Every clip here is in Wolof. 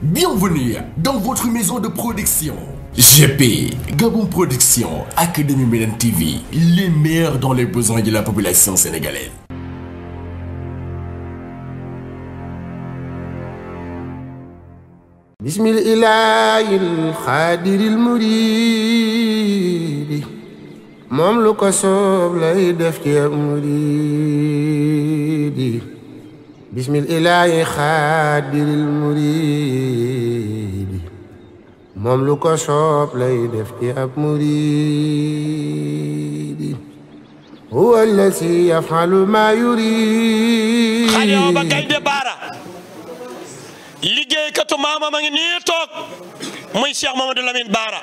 Bienvenue dans de production. Production, Académie Médan TV, les meilleurs dans bismil ilaahil xaadiril muriidi moom soob lay def ci ab bismil ilaahi xaadiril muriidi moom lu ko soob lay def ci ab muriidi huwa allazi yafalu ba gaynde baara liggéeykatu maama ma ngi nii toog muy Cheikh Mamadou Lamine Baara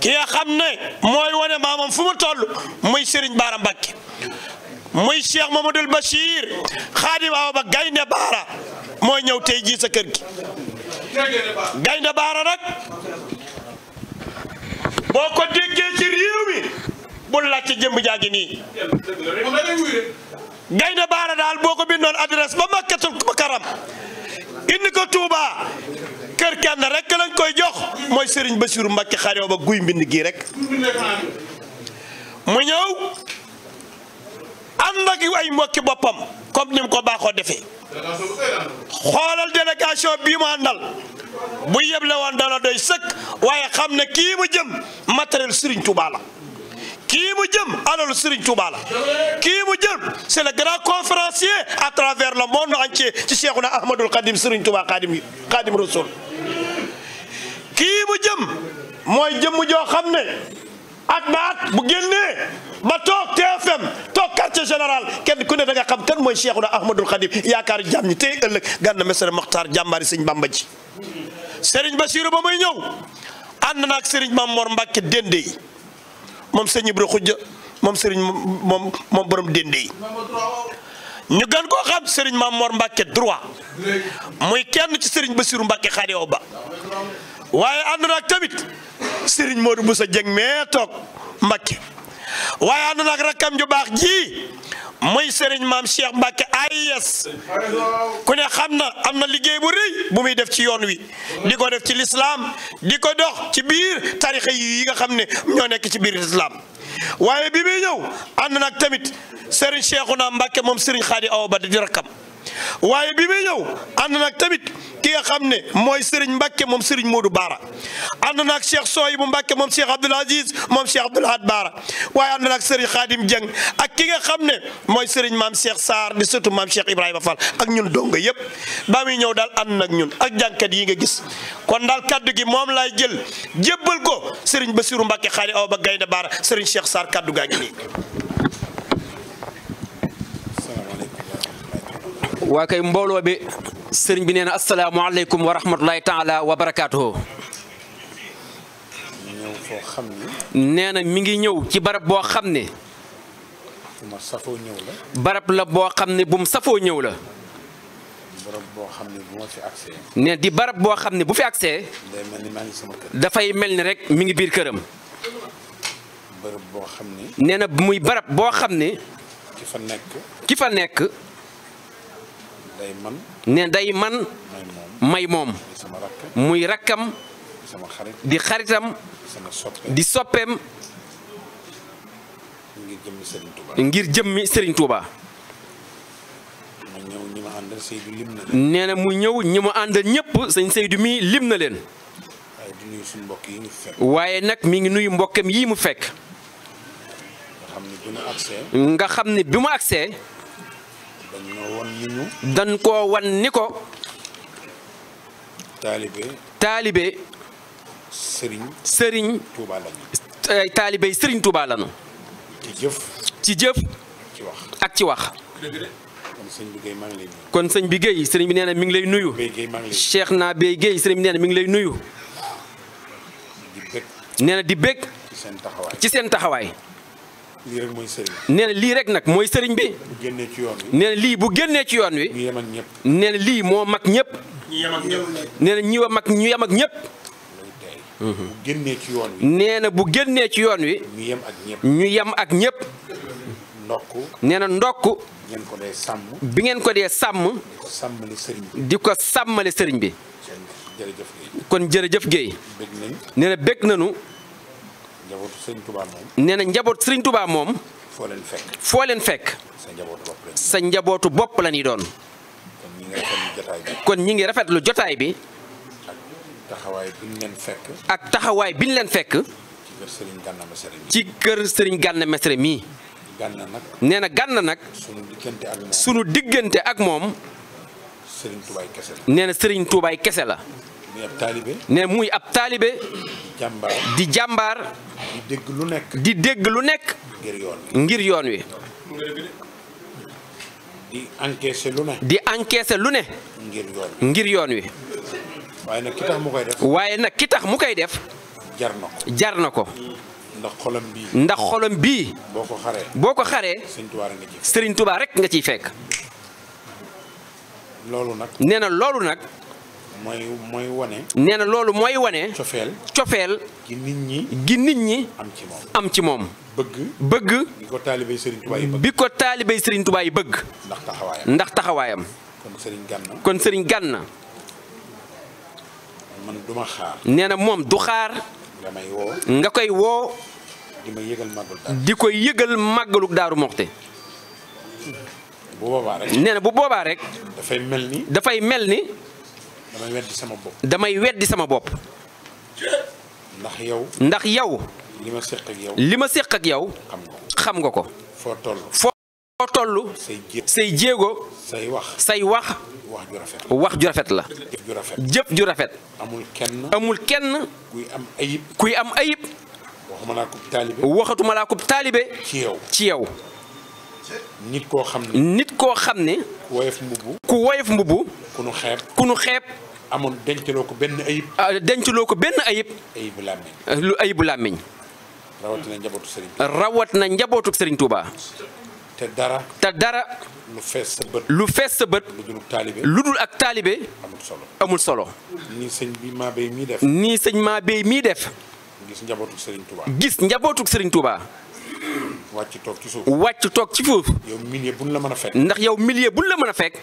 ki nga xam ne mooy wane maamam fu mu toll muy Serigne Baara Mbacke muy Cheikh Mamadou Bachir Xaadim Awa Ba gaynde baara mooy ñëw tey jii sa kër gi gaynde baara nag boo ko déggee ci réew mi bul laajte jëmb jaa ngi nii gaynde baara daal boo ko bindoon adresse ba makkatul karam indi ko Touba kër kenn rek lañ koy jox mooy sëriñ Bassirou Mbacké Xaadim Ba guy mbind gii rek mu ñëw ànd ak ay mbokki boppam comme ni mu ko baaxoo defee xoolal délégation bii mu àndal bu yeble woon dana doy sëkk waaye xam ne kii mu jëm matériel Serigne Touba la kii mu jëm alalu Serigne Touba la kii mu jëm c'est le conférencier à travers le monde entier ci Cheikhouna Ahmadoul Khadim Serigne Touba Khadim Khadim Rasoul kii mu jëm mooy jëmm joo xam ne ak ba at bu génnee ma toog TFM toog quartier général kenn ku ne da xam kan mooy na Ahmadul Khadim yaakaar jàmm ñi tey ëllëg Gana Messere Maxtaar jàmbaari sëñ Bamba ji Serigne Bassirou ba muy ñëw ànd naag Serigne Mame Mor Mbacke Dende moom sëñ Ibra Xujja moom Serigne moom moom borom Dende yi ñu gën koo xam Serigne Mame Mor droit muy kenn ci Serigne Bassirou Mbacke xaadewo ba waaye ànd naag tamit Serigne Modou Boussa Dieng mee toog Mbacke. waaye ànd nag rakkam ju baax jii muy sëriñ maam Cheikh Mbacke ayes ku ne xam na am na liggéey bu rëy bu muy def ci yoon wi di ko def ci lislaam di ko dox ci biir tarixa yi nga xam ne ñoo nekk ci biir lislaam waaye bi muy ñëw ànd nag tamit sëriñ naa Mbacke moom sëriñ Xaadi Awa Bada di rakkam waaye bii muy ñëw ànd nag tamit ki nga xam ne mooy Serigne mbakke moom Serigne Modou Baara ànd naag Cheikh Soyibu Mbacke moom Cheikh Abdoul moom Cheikh Abdoul Ahad Baara waaye ànd naag Serigne Khadim Dieng ak ki nga xam ne mooy Serigne maam Cheikh Sarr di surtout maam Cheikh Ibrahima Fall ak ñun donga yëpp ba muy ñëw daal ànd nag ñun ak jànkat yi nga gis kon daal kaddu gi moom laay jël jébbal ko Serigne ba Mbacke xaari aw ba gaynde Baara Serigne Cheikh Sarr kaddu waa kay mbooloo bi sëriñ bi nee na asalaamualeykum wa rahmatulahi taala wa barakaatuhu. nee na mi ngi ñëw ci barab boo xam ne. barab la boo xam ne bu mu safoo ñëw la. ne di barab boo xam ne bu fi agsee. dafay mel ni rek mi ngi biir këram. nee na muy barab boo xam ne. ki fa ki fa nekk. ne day man may moom muy rakkam di xaritam di soppeem ngir jëmmi Serigne Touba. nee na mu ñëw ñi ma àndal ñëpp sëñ Seydou mii lim na leen. waaye nag mi ngi nuyu mbokkam yii mu fekk. nga xam ne bi mu agsee. dan koo wan ni ko. taalibe. sëriñ. sëriñ. Touba lañu. Eh, sëriñ Touba lañu. ci jëf. ci jëf. ak ci wax. kon sëñ bi Guèye sëriñ bi nee mi ngi lay nuyu. Cheikh naa Bey Guèye sëriñ bi nee mi ngi lay nuyu. nee di bég. ci seen taxawaay. lii rek mooy sëriñ nee na lii rek nag mooy sëriñ bi. bu ci yoon wi. lii bu génnee ci yoon wi. ñu ñëpp. nee na lii moo mag ñëpp. ñu yem ak ñëpp. nee mag ñu yem ak ñëpp. Mhm. bu ci yoon wi. na bu génnee ci yoon wi. yem ak ñëpp. ñu yem ak ñëpp. ndokk. nee na ndokk. bi ngeen ko dee sàmm. bi ngeen ko dee sàmm. di ko sàmmale sëriñ bi. di ko sàmmale sëriñ bi. kon jërëjëf Guèye. nee na bég njabootu Serigne Touba moom. nee na njabootu Serigne Touba moom. foo leen fekk foo leen fekk. sa njabootu sa njabootu bopp la ñuy doon. ngi rafetlu jotaay bi. kon ak taxawaay bi leen fekk. ak taxawaay ci kër Serigne Gana Messere mii. ci kër nag. nee na Gana nag. sunu diggante ak moom sunu diggante ak moom. kese la. nee na muy ab taalibe. di jàmbaar di dégg lu nekk. di dégg lu nekk. ngir yoon wi ngir yoon di encaisser lu ne. di encaisser lu ne. ngir yoon wi waaye nag ki tax mu koy def. waaye nag ki mu koy def. jar na ko jar na ko. ndax xolam bii. ndax boo ko xaree. boo ko xaree. Serigne Touba nga ciy fekk. loolu nag. nee na loolu nag. mooy mooy wane. nee na loolu mooy wane. cofeel cofeel. gi nit ñi gi nit ñi. am ci moom am ci moom. bëgg bi ko taalibey Serigne Touba bëgg. bi ndax taxawaayam ndax taxawaayam. kon sëriñ Ganna. na Serigne na moom du xaar. nga koy woo. di ma di ko yëgal màggalu daaru moxte. bu boobaa bu boobaa rek. dafay mel ni. dafay mel ni. damay weddi sama bopp. damay weddi sama bopp. ndax yow. ndax yow. li ma ak yow. li ma séq ak yow. xam nga ko. foo toll. foo toll. say jéego say jéego. say wax say wax. wax ju rafet wax ju rafet la. jëf ju rafet jëf ju rafet. amul kenn. amul kenn. kuy am ayib. kuy am ayib. waxatuma laa kub taalibe. laa kub taalibe. ci yow ci yow. nit koo xam ne. koo xam ne. ku woyof mbubu. ku nu xeeb amoon dencaloo ko benn ayib. Ah, dencaloo ko benn ayib. ayibu làmmiñ. Eh, lu ayibu làmmiñ. rawatina njabootu Serigne rawatina njabootu Serigne Touba. te dara. te dara. lu fees sa fees sa bët. lu dul lu dul ak taalibe. amul solo amul solo. nii sëñ bi maa béy mii def. nii sëñ maa béy mii def. gis njabootu sëriñ Touba. gis njabootu Serigne Touba. wàcc toog ci suuf. wàcc toog ci suuf. yow milieu buñ la mën a fekk. ndax yow millier bu la mën a fekk.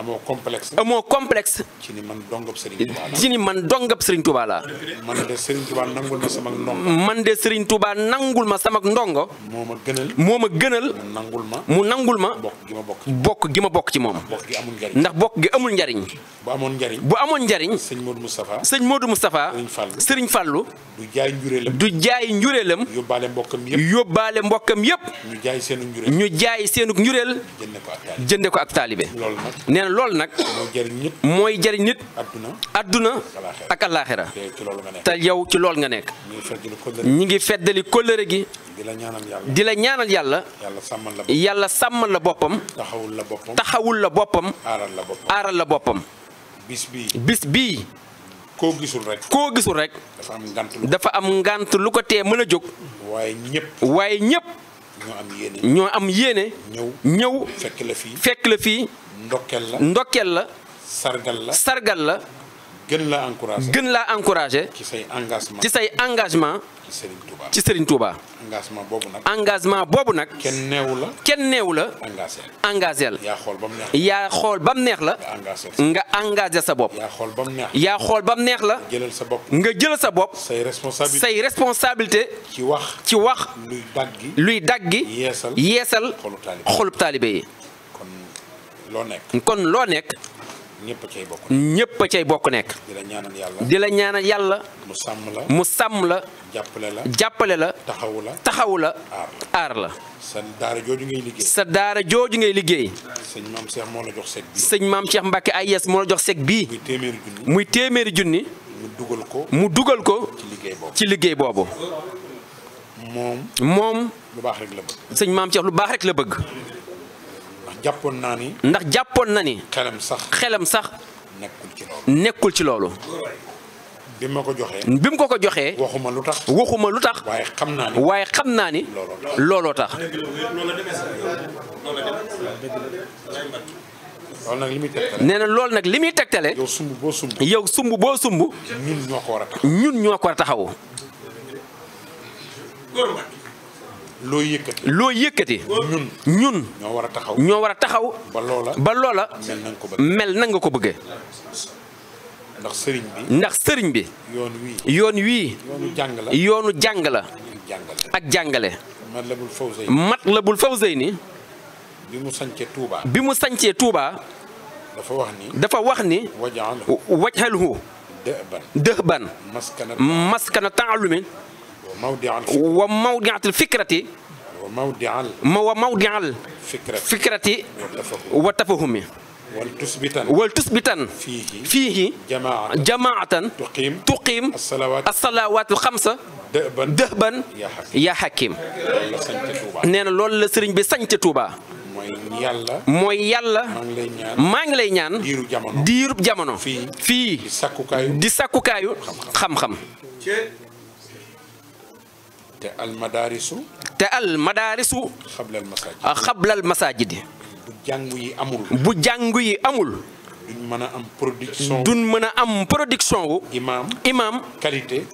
amoo complexe. amoo complexe. ci ni man dongab Serigne Touba laa. ci ni man dongab Serigne Touba man de Serigne Touba nangul ma sama ndongo. man de Serigne Touba nangul ma sama ndongo. moo ma gënal. moo ma gënal. mu nangul ma. mu nangul ma. bokk gi ma bokk. bokk gi ma bokk ci moom. bokk gi amul njariñ. ndax bokk gi amul njariñ. bu amoon njariñ. bu amoon njariñ. sëñ Modou Moustapha. sëñ Modou Moustapha. Serigne Fallou. du jaay njureelam. du jaay njureelam. yóbbaale mbokkam yëpp. yóbbaale mbokkam yëpp. ñu jaay seenu njureel. ñu jaay seenu njureel. jënde ko ak taalibe. loolu loolu nag. mooy jariñ nit. adduna ak alaaxira te yow ci lool nga nekk. ñi ngi feddali kóllëre gi. di la ñaanal yàlla. yàlla sàmmal la boppam. taxawul la boppam. aaral la boppam. bis bii bis koo gisul rek koo gisul rek. dafa am ngant dafa am ngant lu ko tee mën a jóg. waaye ñëpp ñëpp. ñoo am yéene ñoo ñëw fekk la fii. ndokkeel la ndokkeel la. sargal la sargal la. gën la encouragé gën laa encouragé. ci say engagement ci say engagement. ci Serigne Touba ci engagement boobu nag. engagement boobu nag. kenn neewu la kenn neewu la. engagé engagé la. yaa xool ba mu neex la yaa xool ba neex la. nga engagé sa bopp. yaa xool ba mu neex la yaa xool ba neex la. jëlal sa bopp nga jëlal sa bopp. say responsabilité say responsabilité. ci wax ci wax. luy daggi luy daggi. yeesal yeesal. xolub taalibe yi. loo nekk kon loo nekk. ñëpp cay bokk nekk ñëpp cay bokk nekk. di la ñaanal yàlla di la ñaanal yàlla. mu sàmm la mu sàmm la. jàppale la jàppale la. taxawu la taxawu la. aar la. sa daara jooju ngay liggéey. sa daara jooju ngay liggéey. sëñ maam Cheikh moo la jox seg sëñ maam Cheikh Mbacke Ayes moo la jox seg bii. muy téeméeri junni muy téeméeri junni. mu dugal ko mu dugal ko. ci liggéey boobu ci liggéey boobu. moom moom. lu baax rek la sëñ maam Cheikh lu baax rek la bëgg. jàppoon naa ni. ndax jàppoon na ni. xelam sax xelam sax. nekkul ci loolu nekkul bi ma ko joxee. bi mu ko ko joxee. waxuma lu tax waxuma lu tax. waaye xam naa ni waaye xam naa ni. looloo tax nee na loolu nag li muy tegtale. yow sumb boo sumb. yow sumb boo ñun ñoo ko war a taxaw. loo yëkkati loo ñun ñoo war a taxaw ñoo war a taxaw. ba loola ba mel na nga ko bëggee. ndax sëriñ bi ndax sëriñ bi. yoon wii yoon wii. yoonu jàng la yoonu jàng la. ak jàngale. matlabul fawzayni matlabul fawzayni bi mu sancee Touba. bi mu sancee Touba. dafa wax ni. dafa wax ni. wajhalhu wajhalhu. dëhban dëhban. maskana taalumi wa mawdiatil fikrati wa mawdial fikrati wa tafahumi wal tusbitan wal tusbitan fiihi jamaatan tuqiim asalawaatu xamsa dëhban yaa xakim nee na loolu la bi sañ Tuuba mooy yàlla maa ngi lay ñaan diirub fii di sakkukaayu xam-xam te al te al madaarisu. xablal masaajidi xablal masaajidi. bu jàngu jàngu yi amul. duñ mën a am production. duñ mën a am production wu. imaam qualité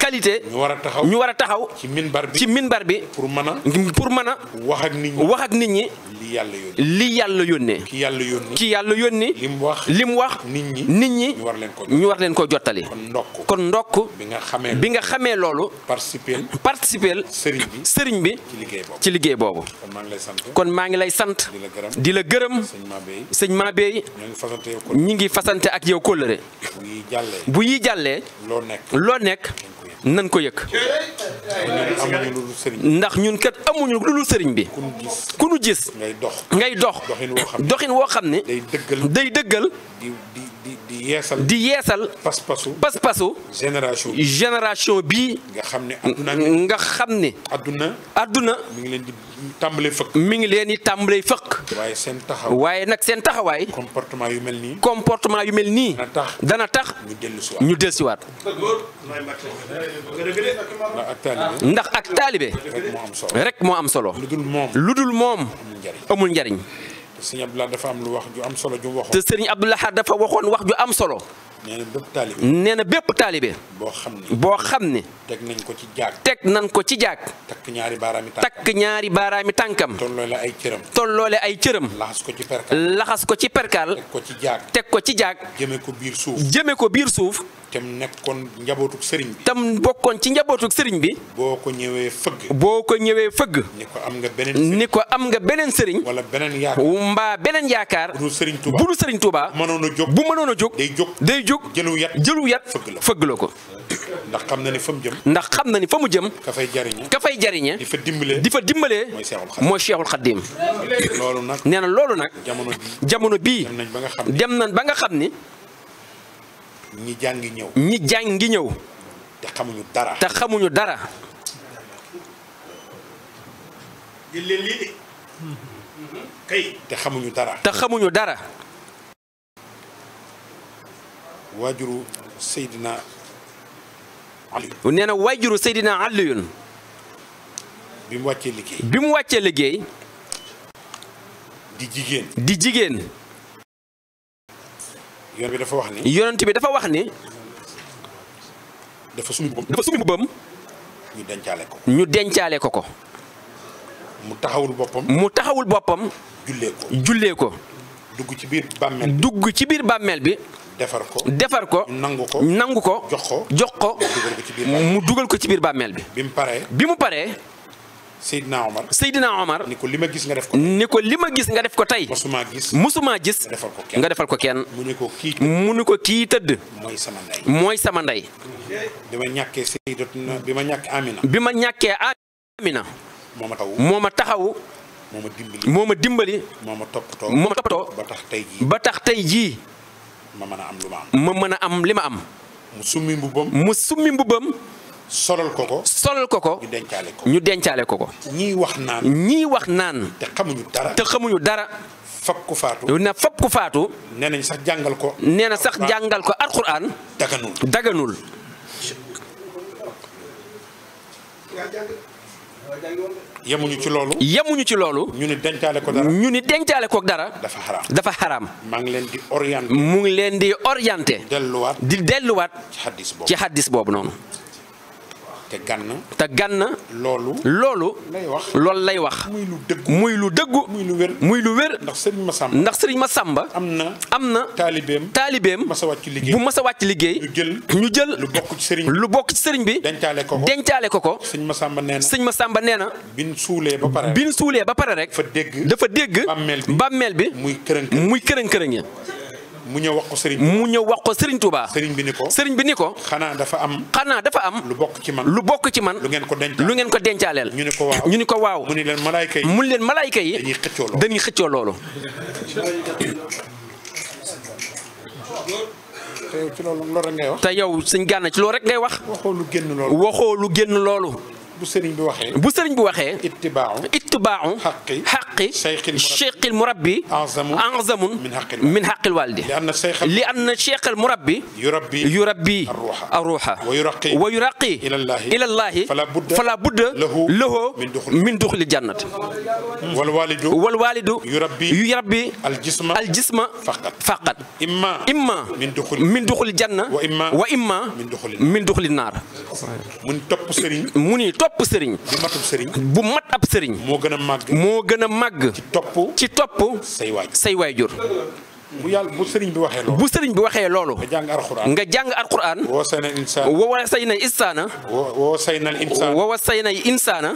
ñu war a taxaw ñu war a taxaw. ci minbar bi ci minbar bi. pour mën pour mën a. wax ak nit ñi wax ak nit ñi. li yàlla yónnee li yàlla yónnee. ki yàlla yónnee ki yàlla yónnee. li mu wax li mu wax. nit ñi nit ñi ñu war leen ko ñu war leen ko jottali. kon ndokk kon ndokk. bi nga xamee bi nga xamee loolu. participer participer. sëriñ bi sëriñ bi. ci liggéey boobu ci liggéey boobu. kon maa ngi lay sant. di la gërëm sëñ Mabey sëñ Mabey. ngi fasante ak yow kóllëre bu yi jàllee loo nekk nan ko yëg ndax ñun kat amuñu lu dul sëriñ bi ku nu gis ngay dox doxin woo xam ne day dëggal di yeesal di yeesal. pas-pasu pas-pasu. génération bi génération bii. nga xam ne adduna nga xam ne. adduna adduna. mi ngi leen di tàmbalee fëkk. mi ngi leen di tàmbalee fëkk. waaye seen taxaw waaye nag seen taxawaay. comportement yu mel nii. comportement yu mel nii. dana tax dana tax. ñu dellusiwaat ñu dellusiwaat. ndax ak taalibe. rek moo am solo. lu dul moom amul njariñ. sëñ Abdoulaye dafa am lu wax ju am solo ju waxoon. te sëriñ Abdoulaye dafa waxoon wax ju am solo. nee na bépp taalibe. nee na bépp taalibe. boo xam ne boo xam ne. teg nañ ko ci jaag. teg nañ ko ci jaag. takk ñaari baaraami tànkam takk ñaari baaraami tànkam. tolloole ay cëram. tolloole ay cëram. laxas ko ci perkaal. laxas ko ci perkaal. teg ko ci jaag. teg ko ci jaag. jëme ko biir suuf. jëme ko biir suuf. tam nekkoon njabootuk sëriñ bi. tam bokkoon ci njabootuk sëriñ bi. boo ko ñëwee fëgg. boo ko ñëwee fëgg. ni ko am nga beneen sëriñ. ni am nga beneen sëriñ. wala beneen yaakaar. mbaa beneen yaakaar. bu dul sëriñ Touba bu dul sëriñ Touba. mënoon a jóg bu mënoon a jóg. day jóg jóg. jëlu yat jëlu yat fëgg la ko. ndax xam na ni fa mu jëm. ndax xam na ni fa mu jëm. ka fay jariñe ka fay di fa dimbalee di fa dimbalee. mooy Seexul Xadiim mooy Seexul Xadiim. loolu nag nee na loolu nag. jamono bii jamono bii dem na ba nga xam ni. ñi jàngi ñëw. ñi jàngi ñëw. xamuñu dara. xamuñu dara. jël te xamuñu dara. te xamuñu dara. waajuru Seydina Ali. nee na waajuru Seydina Aliyun. bi mu wàccee liggéey. di jigéen. di jigéen. yonent bi dafa wax ni. yonent bi dafa wax ni. dafa sumi mbubbam ñu dencaale ko ko. ñu dencaale ko ko. mu taxawul boppam. taxawul boppam. jullee ko dugg ci biir dugg ci biir bàmmeel bi. defar ko defar ko nangu ko nangu ko jox ko jox ko mu dugal ko ci biir bàmmeel bi. bi mu paree bi mu paree. Seydina Omar Seydina Omar. ni ko li ma gis nga def ko ni ko li ma gis nga def ko tey. musuma gis musuma gis. nga defal ko kenn mu ni ko kii mu ni ko kii tëdd. mooy sama ndey mooy sama ndey. bi ma ñàkkee bi ma ñàkkee Amina. bi ma ñàkkee Amina. moo ma taxawu moo ma taxawu. moo ma dimbali moo ma dimbali. moo ma toppatoo ba tax tey jii. ma mën a am lu ma mën a am li ma am. mu summi mbubbam mu summi mbubbam. solal ko ko. solal ko ko. ñu dencaale ko ñu dencaale ko ko. ñii wax naan. ñii wax naan. te xamuñu dara te xamuñu dara. ku faatu. na fab ku faatu. nee nañ sax jàngal ko. nee na sax jàngal ko alxuraan. daganul daganul. yemuñu ci loolu. yemuñu ci loolu. ñu ni dencaale ko dara. ñu ni dencaale ko dara. dafa xaraam maa ngi leen di orienté. mu ngi leen di orienté. delluwaat di delluwaat. ci xaddis boobu ci boobu noonu. te gànn. te gànn. loolu. loolu. lay wax loolu lay wax. muy lu muy lu dëggu. muy lu wér muy lu wér. ndax sëriñ ma sàmba am na am na. taalibeem taalibeem. bu mas a wàcc liggéey. ñu jël ñu jël. lu bokk ci Serigne lu bokk ci Serigne bi. dencaale ko ko dencaale ko ko. Serigne Massamba nee na Serigne Massamba nee na. bin suulee ba pare rek suulee ba pare rek. dafa dégg dafa dégg. bàmmeel bi bi. muy kërën kërën muy kërën kërën mu ñëw wax ko sëriñ mu ñëw wax ko Serigne Touba. Serigne bi ni ko bi ni ko. xanaa dafa am. xanaa dafa am. lu bokk ci man lu bokk ci man. lu ngeen ko denc lu ngeen ko dencaaleel. ñu ni ko waaw ñu ni ko waaw. mu ni leen malaayka yi mu ni leen malaayka yi. dañuy xëccoo loolu dañuy xëccoo loolu. te yow wax. te yow suñ gànna ci loolu rek ngay wax. waxoo lu génn loolu. waxoo lu génn loolu. bu sëriñ bi waxee. bu sëriñ bi waxee. ittibaaw xaqi cheikhil murabbi anzamun min xaqil walidi li anna cheikhil murabbi yurabbi arruha wa yuraqi ilallahi fala budda lahu min duxli jannat wal walidu yurabbi aljisma faqat imma min duxli janna wa imma min duxli naar mu ni topp sëriñ bu mat ab sëriñ moo gën a màgg màgg. ci topp ci topp. say waajur say bu yàlla bi waxee loolu. bu waxee loolu. nga jàng alxuraan nga jàng alxuraan. woo say na insaana woo say na insaana. woo na insaana na insaana.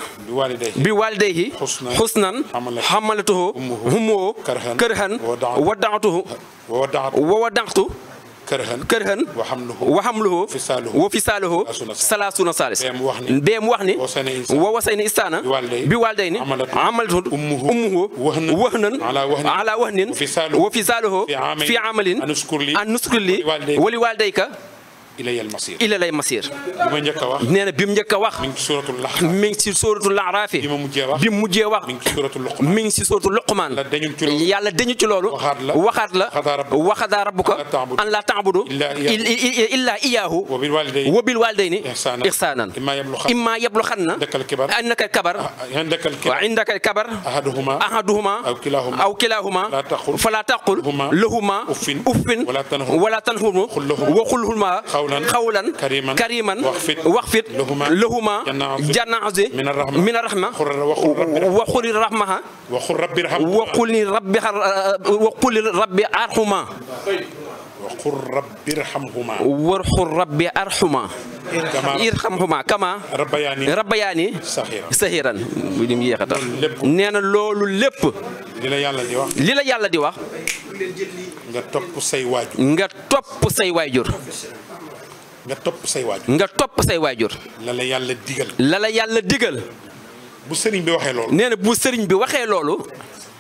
bi waalidayhi xusnan xamalatuhu. ummuhu karhan karhan. wa da'atuhu wa da'atuhu. kërxën kërxën wa hamluhu wa fisaaluhu salaasuna saalis bee mu wax ni wa wasayni istaana bi waalidayni amalatun ummuhu wahnan ala wahnin wa fisaaluhu fi amalin an nuskur li wali waalidayka ilayal masir ilayal masir. bi ma njëkk a wax nee na bi mu njëkk a wax. mi ngi ci sóoratul laxraaf mi ngi ci sóoratul laxraaf bi mu mujjee wax bi mu mujjee wax. mi ngi ci sóoratul luqmaan mi ngi ci sóoratul luqmaan. yàlla dañu ci loolu. waxaat la waxaat la waxadaa rabbuka an laa taabudu illaa iyaahu wa bil waalidayni ihsaanan imma yablughanna annaka kabar ah, ah, wa indaka kabar ahaduhuma aw kilahuma falaa taqul lahuma uffin wala tanhurhuma wa qul lahuma xawlan kariman waxfit lahuma janaase min arrahma wa xuli rahmaha rabbi wa waxul rabbi irhamhuma. waxul rabbi arhuma. irhamhuma kama. rabbayaani rabbayaani. saxiran saxiran. bu a tax loolu lépp. li la yàlla di wax. li la yàlla di wax. nga topp say waajur. nga topp say waajur. nga topp say waajur. la la yàlla digal. lala yàlla digal. bu sëriñ bi waxee loolu. nee na bu sëriñ bi waxee loolu.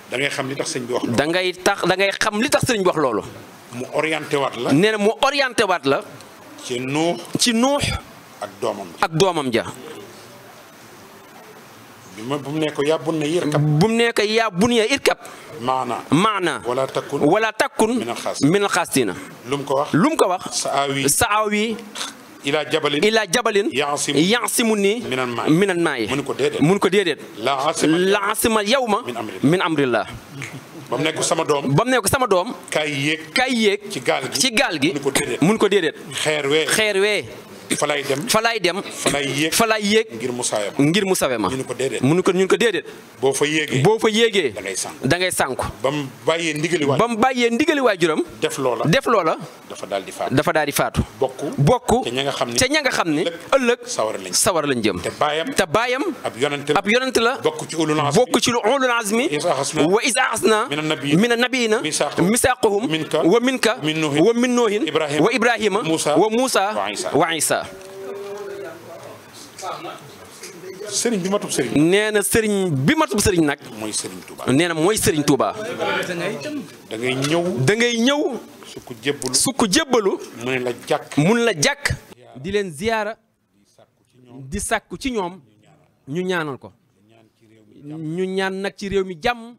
da ngay xam li tax sëriñ bi wax. da ngay tax da ngay xam li tax sëriñ bi wax loolu. mu orienté waat la. nee mu orienté waat la. ci nuux. ci nuux. ak doomam ak doomam ja. bu mu nekk yàbbun na yirkab. bu mu nekk yàbbun ya irkab. maana. maana. wala takkun. wala takkun. min lu ko wax. lu ko wax. saawi. saawi. ilaa jabalin ilaa jabalin. yaasimu yaasimunii. minan maay minan mun ko déedéet mun ko déedéet. la asima yawma. min amrillah ba nekk sama doom ba mu nekk sama doom. kaay ci gaal gi ci gaal gi. mun ko mun ko déedéet. xeer fa lay dem fa lay dem. fa lay ngir mu sawe ma ngir mu sawe ma. ñu ko déedéet ko ñu ko boo fa yéegee boo fa yéegee. da ngay sànku da ngay sànku. ba mu bàyyee ndigali waay ba mu bàyyee ndigali waajuram. def loola def loola. dafa daal di faatu dafa daal di faatu. bokku bokku te ña nga xam ni te ña nga xam ne ëllëg sawar lañ jëm. te baayam te baayam. ab yonent la ab yonent la. bokk ci ulul azmi bokk ci ulul azmi. wa is axasna mina nabiyina misaaquhum wa minka wa min noohin wa ibrahima wa Musa wa Isa taala sëriñ bi matub sëriñ. bi matub sëriñ nag. mooy sëriñ mooy sëriñ Touba. da ñëw. da ñëw. su ko jébbalu su mun la jàkk di leen ziyaara di sàkku ci ñoom ñu ñaanal ko ñu ñaan nag ci réew mi jàmm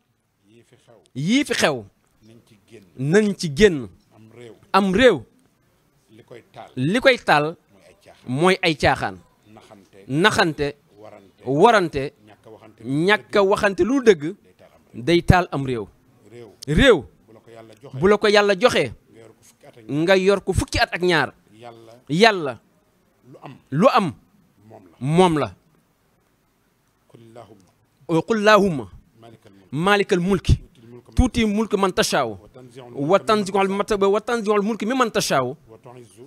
yii fi xew nañ ci génn am réew li koy taal mooy ay caaxaan naxante warante ñàkk waxante lu dëgg day taal am réew réew bu la ko yàlla joxee nga yor ko fukki at ak ñaar yàlla lu am moom la qul laahumma maalikal mulki tuuti mulki man tashaaw wa tanziul mulki mi man tashaaw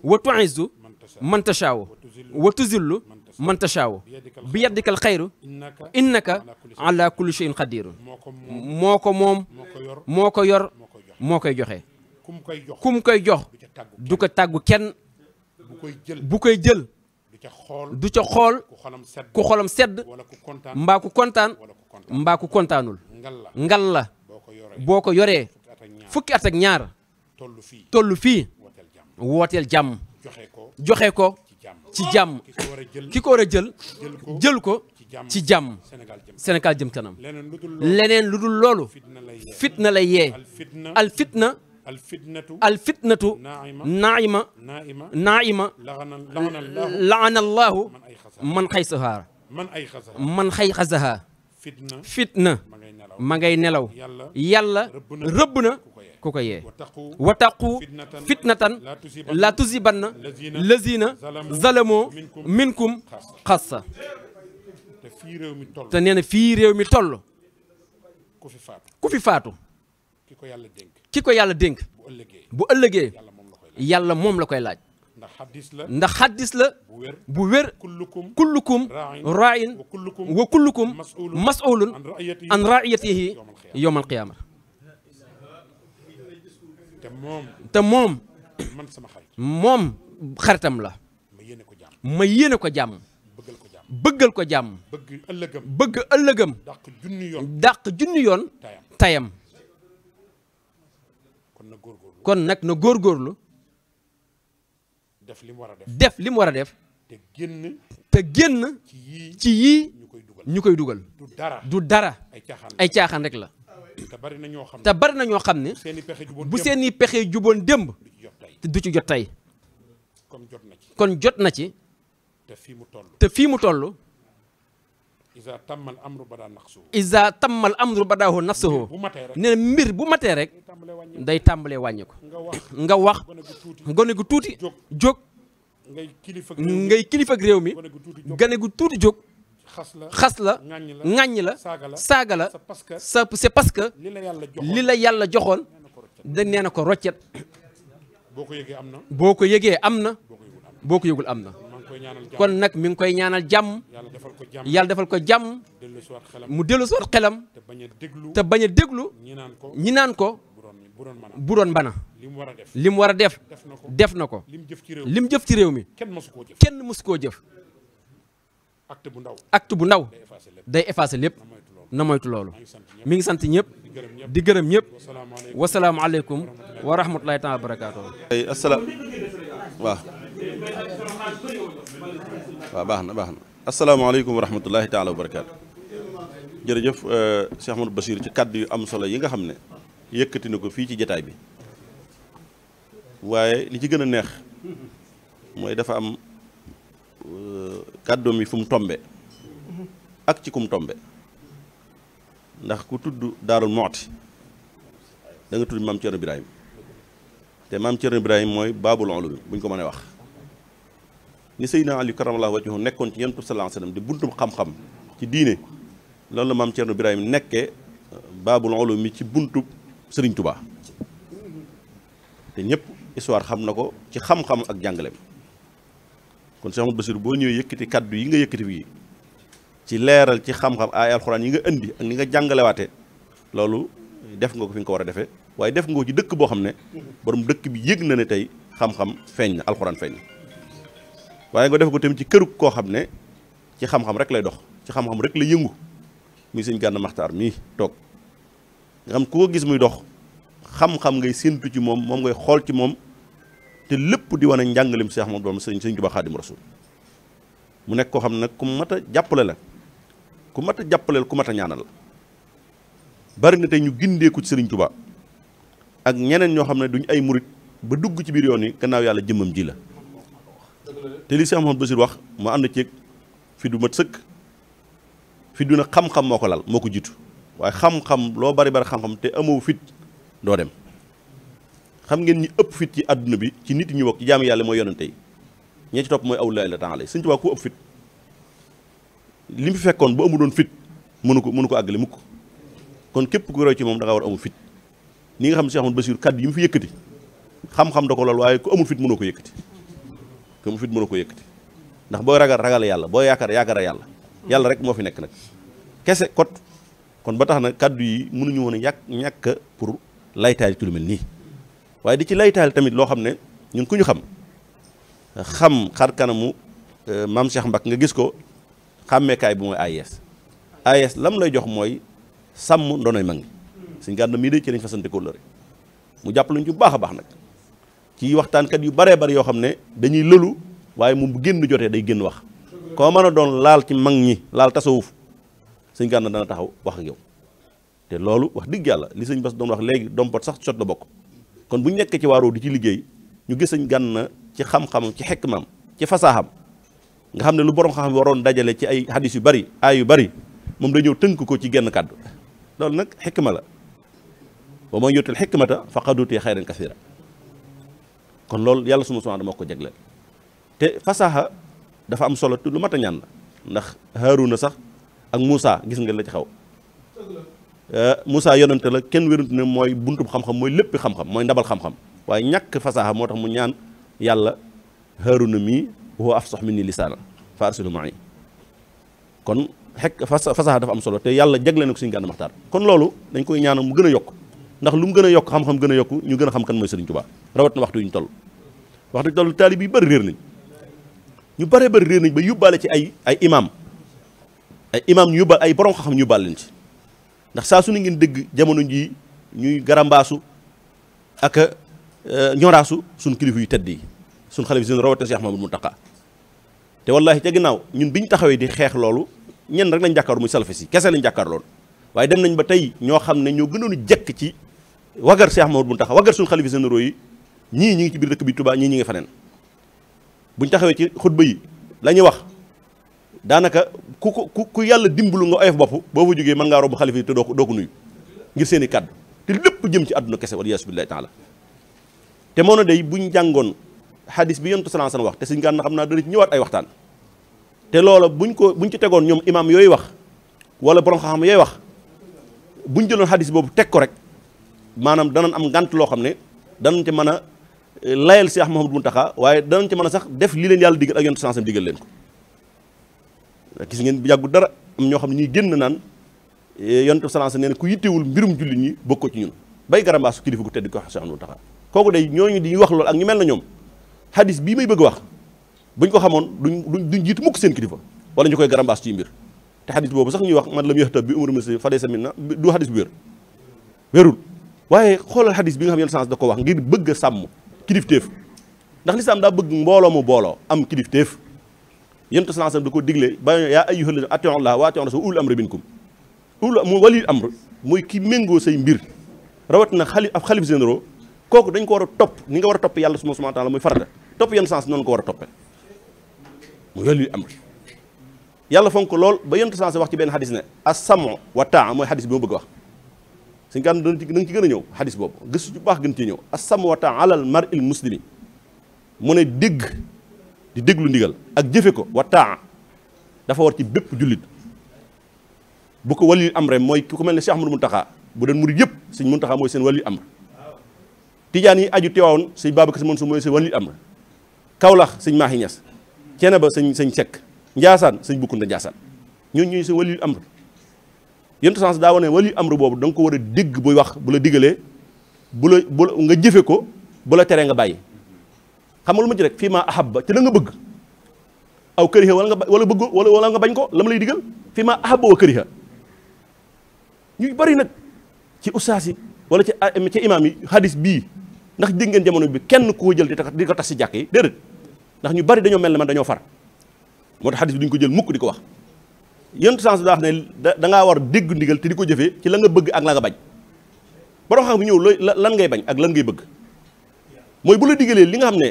wa tuizzu man tashaawu wa tuzillu man tashaawu bi yaddikal xayru innaka ala kulli shay'in qadirun moo ko moom moo ko yor moo koy joxe kum koy jox du ko tàggu kenn bu koy jël du ca xool ku xolam sedd mbaa ku kontaan mbaa ku kontaanul ngal la boo ko yoree fukki at ak ñaar tollu fii wooteel jàmm joxe ko ci jàmm ki ko war a jël jël ko ci jàmm Sénégal jëm kanam leneen lu dul loolu fitna lay yee al fitna al fitnatu naima naima laana allahu man xay sahaar man xay xasaha fitna ma ngay nelaw yàlla rëbb na ku ko yee wattaqu fitnatan la tusibanna lazina zalamoo minkum xassa te nee na fii réew mi toll ku fi faatu ki ko yàlla dénk bu ëllëgee yàlla moom la koy laaj ndax xaddis la ndax xaddis la bu wér kullukum raayin wa kullukum mas'ulun an raiyatihi yowmal qiyaama te moom moom xaritam la ma yéene ko jàmm bëggal ko jàmm bëgg ëllëgam dàq junni yoon tayam kon nag na góorgóorlu def li war a def def li mu war a def te génn te génn ci yii ñu koy dugal du dara du dara ay caaxaan rek la te bari na ñoo xam ne te bari na ñoo xam ne bu seen i pexe juboon démb te du ci jot tey kon jot na ci kon jot na ci te fii mu toll te fii mu toll isa tammal amru badaa nafsuhu isa tammal amru badaahu nafsuhu nee na mbir bu matee rek nday tàmbalee wàññi ko nga wax gone gu tuuti jóg ngay kilifa ak réew mi gone gu tuuti jóg xas la ŋàññ la saaga la sa c'est parce que li la yàlla joxoon da nee na ko roccet boo ko yëgee am na boo ko yëgul am na kon nag mi ngi koy ñaanal jàmm yàlla defal ko jàmm mu dellu soot xelam te bañ a déglu ñi naan ko bu doon mbana li mu war a def def na ko li mu jëf ci réew mi kenn mësu koo jëf acte bu ndaw acte bu ndaw day effacer lépp na moytu loolu mi ngi sant ñëpp di gërëm ñëpp wasalaamualeykum wa rahmatulahi taala wa barakaatu. asalaam waaw waaw baax na baax na asalaamaaleykum wa rahmatulahi taala wa barakaatu. jërëjëf euh, Cheikh Ahmadou Bachir ci kàddu yu am solo yi nga xam ne yëkkati na ko fii ci jataay bi waaye li ci gën a neex mooy dafa am. Euh, kàddoom yi fu mu tombe ak ci ku tombe ndax ku tudd daarul mooti da nga tudd maam Thierno Ibrahima te maam Thierno Ibrahima mooy baabul ulum bu ñu ko mënee wax ni Seydina Ali karamallahu wajhahu nekkoon ci Yonent bi sallallahu di buntum xam-xam ci diine loolu la maam Thierno Ibrahima nekkee euh, baabul ulum mi ci buntu Serigne Touba te ñëpp histoire xam na ko ci xam-xam ak jàngaleem kon Cheikh Amadou Bassirou boo ñëwee yëkkati kàddu yi nga yëkkati fii ci leeral ci xam-xam ay alxuraan yi nga indi ak ni nga jàngalewaate loolu def nga ko fi nga ko war a defee waaye def nga ko ci dëkk boo xam ne borom dëkk bi yéeg na ne tey xam-xam feeñ na alxuraan feeñ na waaye nga def ko tamit ci këru koo xam ne ci xam-xam rek lay dox ci xam-xam rek lay yëngu muy sëñ Gana Maxtaar mii toog nga xam ku ko gis muy dox xam-xam ngay séentu ci moom moom ngay xool ci moom te lépp di wane njàngaleem Cheikh Ahmadou Bamba sëñ sëñ Tuubaa Xaadimu Rasuul mu nekk koo xam nag ku mat a jàppale la ku mat a jàppaleel ku mat a ñaanal bari na te ñu gindeeku ci sëriñ Tuubaa ak ñeneen ñoo xam ne duñ ay murit ba dugg ci biir yoon yi gannaaw yàlla jëmmam ji la te li Cheikh Ahmadou si wax mu ànd ceeg fi du mat sëkk fi du na xam-xam moo ko lal moo ko jiitu waaye xam-xam loo bari bari xam-xam te amoo fit doo dem xam ngeen ñi ëpp fit ci àdduna bi ci nit ñi bokk ci jaamu yàlla mooy yonante yi ñee ci topp mooy awliyaa la taala sëñ Tuubaa ku ëpp fit li mu fekkoon bu amu doon fit mënu ko mënu ko àggale mukk kon képp ku roy ci moom da nga war amu fit ni nga xam ne Cheikh Ahmadou Bassirou kaddu yi mu fi yëkkati xam-xam da ko lool waaye ku amul fit mënoo ko yëkkati ku amul fit mënoo ko yëkkati ndax boo ragal ragal yàlla booy yaakaar yaakaar yàlla yàlla rek moo fi nekk nag kese kot kon ba tax na kaddu yi mënuñu woon a ñàkk pour laytaay ci nii waaye di ci laytaal tamit loo xam ne ñun ku ñu xam xam xar kanamu euh, maam Cheikh Mbacke nga gis ko xàmmeekaay bi mooy AIS AIS lam lay jox mooy sàmm ndonoy mag ñi mii de ci lañ fasante mu jàppaluñ ci bu baax a baax nag ci waxtaankat yu baree bari yoo xam ne dañuy lëlu waaye moom bu génn jotee day génn wax koo mën a doon laal ci mag ñi laal tasawuf suñ gànna dana taxaw wax ak yow te loolu wax dëgg yàlla li sëñ Bass doon wax léegi dompat sax sot la bokk kon bu ñu nekkee ci waaroo di ci liggéey ñu gis sañ na ci xam-xam ci xekmaam ci fasaaxam nga xam ne lu borom xam-xam waroon dajale ci ay hadis yu bari ay yu bari moom day ñëw tënk ko ci genn kàddu loolu nag xikma la wa man yutil xikmata faqad utiya xayran kasira kon loolu yàlla suma subhaanahu moo ko jagleel te fasaaxa dafa am solo te lu mat a ñaan ndax ndax na sax ak Muusa gis nga la ci xaw Euh, Moussa yonante la kenn wérante ne mooy buntub xam-xam mooy lépp xam-xam mooy ndabal xam-xam waaye ñàkk fasaaxa moo tax mu ñaan yàlla Haaruna mii huwa afsax minni lisaanan fa arsilhu ma'i kon xekk fasaaxa dafa am solo te yàlla jagle na ko suñu Gana Maxtaar kon loolu dañ koy ñaanal mu gën a yokk ndax lu mu gën a yokk xam-xam gën a yokk ñu gën a xam kan mooy Serigne Touba rawat na waxtu yu ñu toll waxtu yu ñu toll taalib yi bëri réer nañ ñu bëree bëri nañ ba yóbbaale ci ay ay imam ay imam ñu ay borom xam-xam ñu yóbbaale ci ndax saa su ngeen dégg jamono jii ñuy garambaasu ak euh, ñoraasu suñ kilifa yu tedd yi suñ xale bi seen rawatina Cheikh Mamadou Mountakha te wallahi ca ginnaaw ñun bi ñu taxawee di xeex loolu ñenn rek lañ jàkkaarloo muy salafé yi kese lañ jàkkaarloo waaye dem nañ ba tey ñoo xam ne ñoo gënoon jekk ci wagar Cheikh Mamadou Mountakha wagar suñ xalifa généraux yi ñii ñi ngi ci biir dëkk bi tubaa ñii ñi ngi feneen buñ taxawee ci xutba yi la wax daanaka ku ku ku yàlla dimbalu nga oyof bopp boo fa jógee man ngaa romb xalifa yi te doo ko doo ko nuyu ngir seen i kàddu te lépp jëm ci àdduna kese wala yaasu billahi taala te moo na day buñ jàngoon xadis bi yontu salaan san wax te suñ gaan na xam naa dana ci ñëwaat ay waxtaan te loola ñu ko bu ñu ci tegoon ñoom imaam yooyu wax wala borom xam-xam yooyu wax buñ jëloon xadis boobu teg ko rek maanaam danañ am ngant loo xam ne danañ ci mën a eh, layal Cheikh Mouhamadou Mountakha waaye danañ ci mën a sax def li leen yàlla digal ak yontu salaan san leen gis ngeen bu yàggu dara ñoo xam ne ñuy génn naan eh, yonent salance nee na ku yittewul mbirum julli ñi bokkoo ci ñun bay garambaasu kilifa gu tedd ko wax Cheikh Taxa kooku day ñooñu di wax loolu ak ñu mel na ñoom hadis bi may bëgg wax buñ ko xamoon duñ duñ jiitu mukk seen kilifa wala ñu koy garambaas ci mbir te hadis boobu sax ñuy wax man la mu yëxtab bi umar masi fadee sa minna du hadis bu wér wérul waaye xoolal hadis bi nga xam yonent sa da ko wax ngir bëgg a sàmm kilifteef ndax lislaam daa bëgg mbooloo mu booloo am kilifteef yonent sallallahu da ko digle ba yaa ayyuhal lazina atii'u llaah wa atii'u rasuula ulul amri minkum ulul mu wali amr mooy ki méngoo say mbir rawat na xali ab xalif généraux kooku dañ ko war a topp ni nga war a topp yàlla subhaanahu wa taala muy farata topp yenn sens noonu ko war a toppe mu wali yàlla fonk ko lool ba yonent sallallahu wax ci benn xadis ne as-sam'u wa taa mooy xadis bi ma bëgg wax suñ ci gën a ñëw xadis boobu gëstu bu baax gën ci ñëw as-sam'u wa taa alal mar'il mu ne dégg di déglu ndigal ak jëfe ko wa taa dafa war ci bépp jullit bu ko wali am rek mooy ku ko mel ni ne Cheikh Ahmadou taxaa bu doon murid yëpp sëñ Mountakha mooy seen wali am tijaan yi aju teewaawoon sëñ Babacar Si Mansour mooy seen wali am Kawlax sëñ Maahi Ñas ba sëñ sëñ Sekk Njaasaan sëñ Bukkunta Njaasaan ñooñu ñooñu seen wali am yentu sens daa wane wali am boobu danga ko war a dégg buy wax bu la digalee bu la bu nga jëfe ko bu teree nga bàyyi xam lu ma ci rek fii ma ba ci la nga bëgg aw këriha wala nga wala bëgg wala wala nga bañ ko la ma lay digal fii ma ahabba wa këriha ñuy bari nag ci ustaas yi wala ci ah, ci imaam yi hadis bii ndax dégg ngeen jamono bi kenn koo jël di di ko tas si jàkk yi déedéet ndax ñu bari dañoo mel ne man dañoo far moo tax hadis bi duñ ko jël mukk di ko wax yéen sens bi daa xam ne da ngaa war dégg ndigal te di ko jëfee ci la nga bëgg ak la nga bañ borom xam bi ñëw lan ngay bañ ak lan bëgg mooy bu la digalee li nga xam ne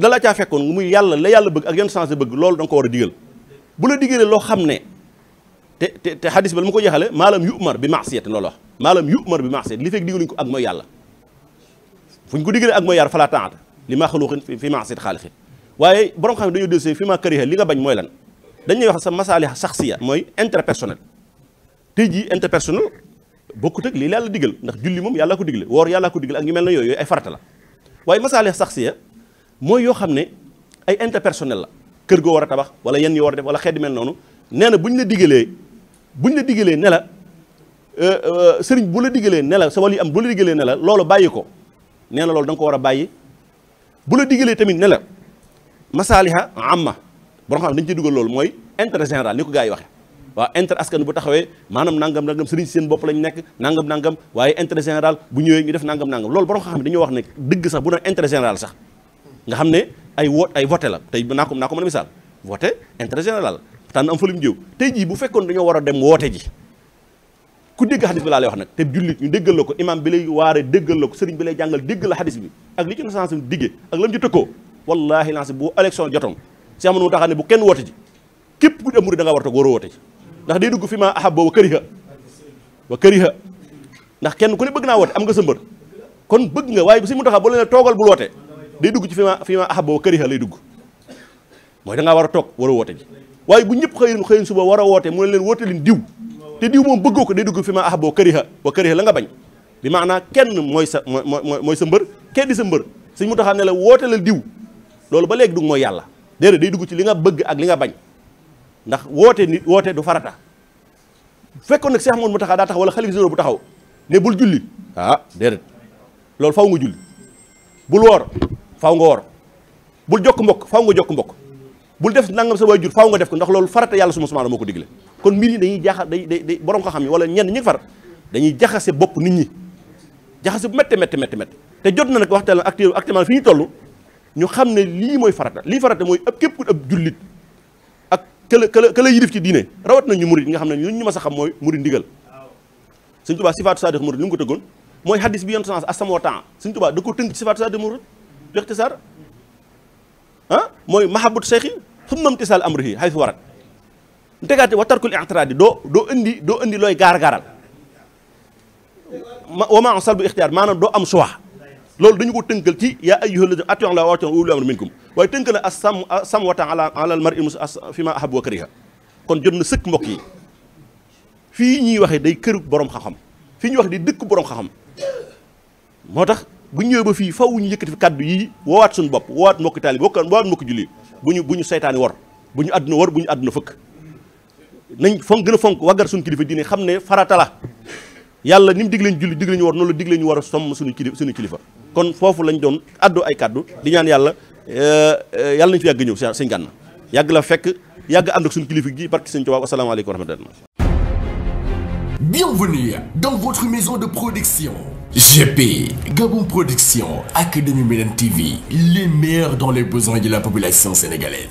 da la caa fekkoon mu yàlla la yàlla bëgg ak yan sens bëgg loolu da ko war a digal bu la digalee loo xam ne te te te xadis ba la ma ko jeexale maalam yumar bi maasiyat loolu wax maalam yumar bi maasiyat li fekk digaluñ ko ak mooy yàlla fu ñu ko digalee ak mooy yàlla fala taata li maa xaluuxin fi maasiyat waaye borom xam ne dañoo maa këriha li nga bañ mooy lan dañuy wax sa masaali saxsiya mooy interpersonnel tey jii interpersonnel bokkut ak lii yàlla digal ndax julli moom yàlla ko digle yàlla ko digal ak mel na yooyu ay farata la waaye masaali saxsiya mooy yoo xam ne ay interpersonnel la kër goo war a tabax wala yenn yoo war a def wala xeet mel noonu nee bu ñu la digalee bu ñu la digalee ne la euh, euh, sëriñ bu la digalee ne la sa wàll yi am bu la digalee ne la loolu bàyyi ko nee na loolu da nga ko war a bàyyi bu la digalee tamit ne la masaaliha amma boo xam ne dañu ci dugal loolu mooy intérêt général ni ko gars yi waxee waaw intérêt askan bu taxawee maanaam nangam nangam sëriñ si seen bopp lañ nekk nangam nangam waaye intérêt général bu ñëwee ñu def nangam nangam loolu boo xam ne dañoo ne dëgg bu na intérêt général nga xam ne ay wo ay voté la tey naa ko naa ko mën a misaal voté intérêt général tànn am fa lu mu jëw tey jii bu fekkoon dañoo war a dem woote ji ku dégg xadis bi laa wax nag te jullit ñu déggal la ko imam bi lay waare déggal la ko sëriñ bi lay jàngal déggal la xadis bi ak li ci nasanc diggee ak lam ci tëkkoo wallahi lancé bu élection jotoon si amoon mu taxaw ne bu kenn woote ji képp ku di amuri da war a toog war a woote ji ndax day dugg fi ma ahab boo wa këriha wa këriha ndax kenn ku ne bëgg naa woote am nga sa mbër kon bëgg nga waaye bu si mu taxaw boo leen toogal bul woote day dugg ci fi ma fi ma axa boo kërixa lay dugg mooy da ngaa war a toog war a woote ji waaye bu ñëpp xëyin xëyin suba war a woote mu ne leen woote leen diw te diw moom bëggoo ko day dugg fi ma axa boo kërixa wa kërixa la nga bañ bi maanaa kenn mooy sa mooy mooy sa mbër kenn sa mbër suñ mu taxaam ne la woote la diw loolu ba léegi dugg mooy yàlla déedéet day dugg ci li nga bëgg ak li nga bañ ndax woote nit woote du farata fekkoon nag Cheikh Mouhamed Mountakha daa tax wala xalifa général bu taxaw ne bul julli ah déedéet loolu faw faw nga woor bul jokk mbokk faaw nga jokk mbokk bul def nangam sa jur faw nga def ko ndax loolu farata yàlla suma subhaanahu moo ko digle kon mbir yi dañuy jaaxa day day day borom ko xam yi wala ñenn ñi far dañuy jaxase bopp nit ñi jaxase bu métte métte te jot na nag waxtaan ak actuellement fi ñu toll ñu xam ne lii mooy farata lii farata mooy ëpp képp ku ëpp jullit ak këla këla këla yilif ci diine rawat nañu murid nga xam ne lu ñu mas a xam mooy murid ndigal Sëñ Tuubaa sifaatu saadiq murid li mu ko tëggoon mooy hadis bi yon sens asamo temps Sëñ Tuubaa da ko tënk ci sifaatu lixtisaar ah mooy mahabut seexi summa imtisaal amrihi xay fi warat ntegaate wa tarkul i'tiraadi doo doo indi doo indi looy gaar-gaaral wa maa salbu ixtiyaar maanaam doo am choix loolu dañu ko tënkal ci yaa ayyuhal lazina atii'u llaaha wa atii'u ulil amri minkum waaye tënkal na as-sam as-sam watan ala ala al mar'i fi ma ahabba wa kariha kon jot na sëkk mbokk yi fii ñuy waxee day kër borom xam-xam fii ñuy wax day dëkk borom xam-xam moo tax bu ñëwee ba fii faw ñu yëkkati fi kaddu yii woowaat suñu bopp wowaat woowaat mbokki taalibe woowaat mbokki julli bu ñu bu ñu saytaani war bu ñu àdduna war bu ñu àdduna fëkk nañ fonk gën a fonk waggar suñu kilifa diine xam ne farata la yàlla ni mu diglee ñu julli diglee ñu war noonu la diglee ñu war a somm suñu kilifa suñu kilifa kon foofu lañ doon addu ay kàddu di ñaan yàlla eh, eh, yàlla nañu fi yàgg ñëw sëñ Gana yàgg la fekk yàgg ànd ak suñu kilifa gi barki sëñ Tuubaa asalaamaaleykum wa rahmatullah Bienvenue dans votre maison de production. GP, Gabon Production, Académie Médiane TV, les meilleurs dans les besoins de la population sénégalaise.